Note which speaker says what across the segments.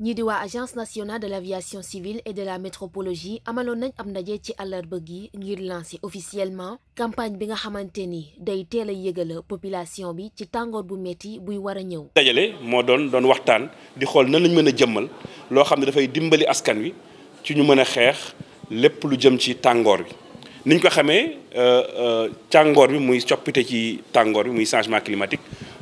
Speaker 1: ñii di waa agence nationale de l' aviation et de la métropologie amaloon nañ am ndaje ci àllarba gi ngir lancer officiellement campagne bi nga xamante ni day teel a yëgala population bi ci tàngoor bu métti buy war a ñëw.
Speaker 2: dajale moo doon doon waxtaan di xool nan lañ mën a jëmmal loo xam ne dafay dimbali askan wi ci ñu mën a xeex lépp lu jëm ci tàngoor bi. ni ñu ko xamee euh, euh, càngoor bi muy coppite ci tàngoor bi muy changement climatique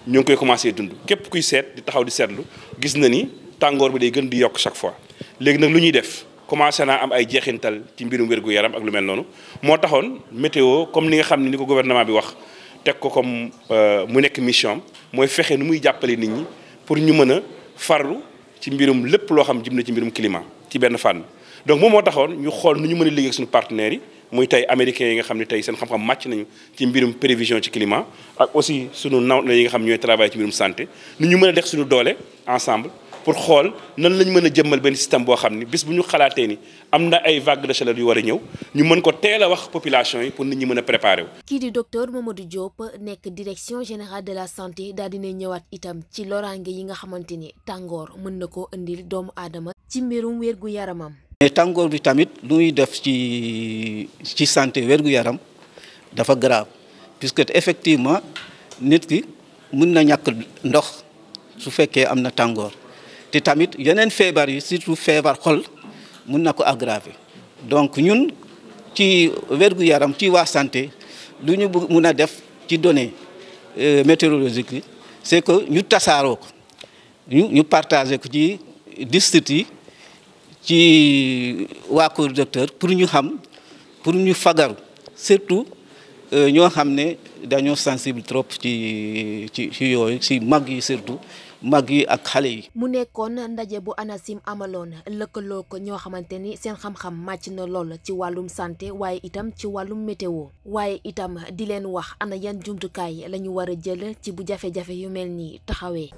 Speaker 2: ñu ngi koy commencé dund képp kuy seet di taxaw di seetlu gis na ni tàngoor bi day gën di yokk chaque fois léegi nag lu ñuy def commencé naa am ay jeexintal ci mbirum wér yaram ak lu mel noonu moo taxoon météo comme li nga xam ne ni ko gouvernement bi wax teg ko comme euh, mu nekk mission mooy fexe nu muy jàppale nit ñi pour ñu mën a farlu ci mbirum lépp loo xam jëm na ci mbirum climat ci benn fànn donc moom moo taxoon ñu xool nu ñu mën a liggéey ak suñu partenaires yi muy tey américains yi nga xam ne tey seen xam-xam màcc nañu ci mbirum prévision ci climat ak aussi suñu naw na yi nga xam ñooy travail ci mbirum santé nu ñu mën a def suñu doole ensemble pour xool nan la ñu mën a jëmmal benn système boo xam ni bis bu ñu xalaatee ni am na ay vague de chaleur yu war a ñëw ñu mën ko teel a wax population yi pour nit ñi mën a préparer wu.
Speaker 1: kii di docteur Mamadou Diop nekk direction générale de la santé daal dina ñëwaat itam ci loraange yi nga xamante ni tàngoor mën na koo indil doomu aadama ci mbirum wér gu yaramam.
Speaker 3: mais tàngoor bi tamit lu muy def ci ci santé wér yaram dafa grave puisque effectivement nit ki mun na ñàkk ndox su fekkee am na tàngoor te tamit yeneen feebar yi surtout feebar xol mun na ko aggraver donc ñun ci wér yaram ci waa santé lu ñu mun a def ci données euh, météorologique yi c'est que ñu tasaaroo ko ñu ñu ko ci district yi ci waa Kër Docteur pour ñu xam pour ñu fagaru surtout euh, ñoo xam ne dañoo sensible trop ci ci ci yooyu ci mag yi surtout mag yi ak xale yi.
Speaker 1: mu nekkoon ndaje bu ANACIM amaloon lëkkaloo ko ñoo xamante ni seen xam-xam màcc na lool ci wàllum santé waaye itam ci wàllum météo waaye itam di leen wax ana yan jumtukaay la ñu war a jël ci bu jafe-jafe yu mel nii taxawee.